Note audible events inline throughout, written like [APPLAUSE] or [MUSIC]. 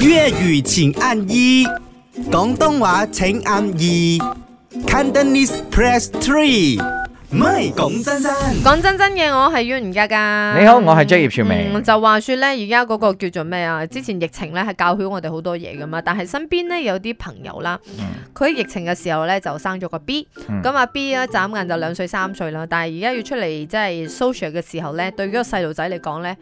粵語請按一，廣東話請按二，Cantonese press three，唔係講真真，講真真嘅我係袁家家，你好，我係職業傳媒，就話說呢，而家嗰個叫做咩啊？之前疫情呢係教曉我哋好多嘢噶嘛，但係身邊呢有啲朋友啦，佢、嗯、疫情嘅時候呢就生咗個 B，咁啊、嗯、B 一眨眼就兩歲三歲啦，但係而家要出嚟即係 social 嘅時候呢，對嗰個細路仔嚟講呢。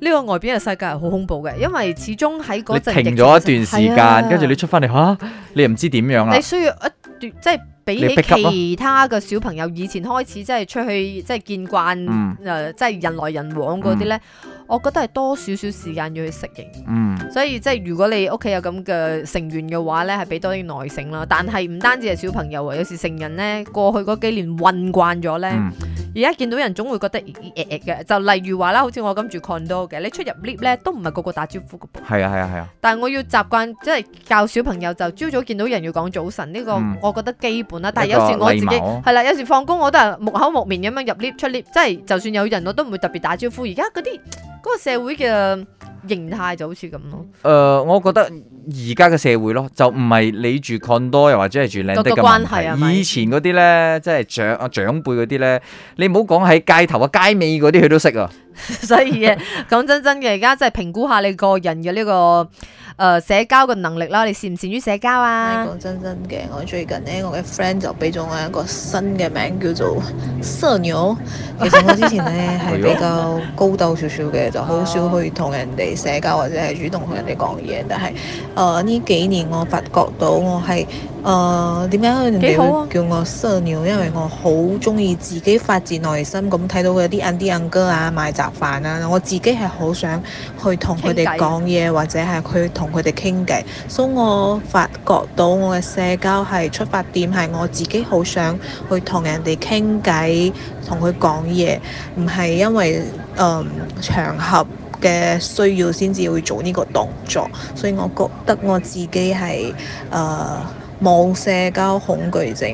呢個外邊嘅世界係好恐怖嘅，因為始終喺嗰陣疫情，你停咗一段時間，跟住、啊、你出翻嚟嚇，你又唔知點樣啦。你需要一段即係比起其他嘅小朋友以前開始，即係出去，即、就、係、是、見慣，誒、嗯，即係、呃就是、人來人往嗰啲咧，嗯、我覺得係多少少時間要去適應。嗯，所以即係如果你屋企有咁嘅成員嘅話咧，係俾多啲耐性啦。但係唔單止係小朋友啊，有時成人咧過去嗰幾年混慣咗咧。嗯而家見到人總會覺得咦咦誒誒嘅，就例如話啦，好似我咁住 condo 嘅，你出入 lift 咧都唔係個個打招呼㗎噃。係啊係啊係啊！啊啊但係我要習慣即係教小朋友就朝早見到人要講早晨呢、呢個，我覺得基本啦。嗯、但係有時我自己係啦、啊，有時放工我都係木口木面咁樣入 lift 出 lift，即係就算有人我都唔會特別打招呼。而家嗰啲嗰個社會嘅形態就好似咁咯。誒、呃，我覺得而家嘅社會咯，就唔係你住 condo 又或者係住 land 嘅問題。關係以前嗰啲咧，即係長啊長輩嗰啲咧，你唔好講喺街頭啊街尾嗰啲，佢都識啊。 [LAUGHS] 所以啊，講真真嘅，而家即係評估下你個人嘅呢、呢個。誒，社交嘅能力啦，你善唔善於社交啊？講真真嘅，我最近呢，我嘅 friend 就俾咗我一個新嘅名，叫做社牛。其實我之前呢，係 [LAUGHS] 比較高斗少少嘅，就好少去同人哋社交或者係主動同人哋講嘢。但係誒呢幾年我發覺到我係。 [LAUGHS] 誒點解人哋會叫我 social 因為我好中意自己發自內心咁睇到佢啲 under under 哥啊、賣雜飯啊，我自己係好想去同佢哋講嘢，或者係去同佢哋傾偈。所、so, 以我發覺到我嘅社交係出發點係我自己好想去同人哋傾偈，同佢講嘢，唔係因為誒、呃、場合嘅需要先至會做呢個動作。所以我覺得我自己係誒。呃冇社交恐懼症，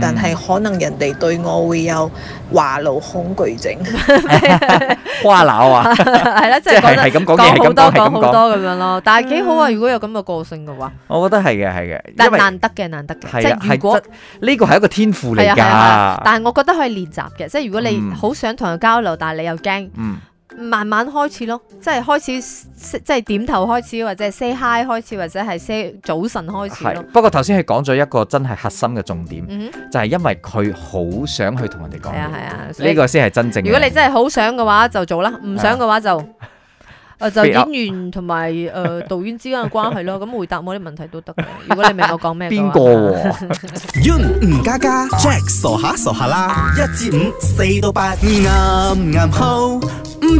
但係可能人哋對我會有話癆恐懼症，話鬧啊，係啦，即係講係咁講嘢係咁講好多咁樣咯。但係幾好啊！如果有咁嘅個性嘅話，我覺得係嘅係嘅，但難難得嘅難得嘅，即係如果呢個係一個天賦嚟㗎，但係我覺得可以練習嘅，即係如果你好想同佢交流，但係你又驚。慢慢開始咯，即係開始即係點頭開始，或者 say hi 開始，或者係 say 早晨開始咯。不過頭先係講咗一個真係核心嘅重點，就 [NOISE] 係樂 [MUSIC] 因為佢好想去同人哋講。係啊係啊，呢、啊、個先係真正。如果你真係好想嘅話,話就做啦，唔想嘅話就誒就演員同埋誒導演之間嘅關係咯。咁回答我啲問題都得嘅。如果你明我講咩嘅話，邊個？吳家嘉 Jack 傻下傻下,傻下啦，一至五四到八，啱啱好。暗暗暗暗暗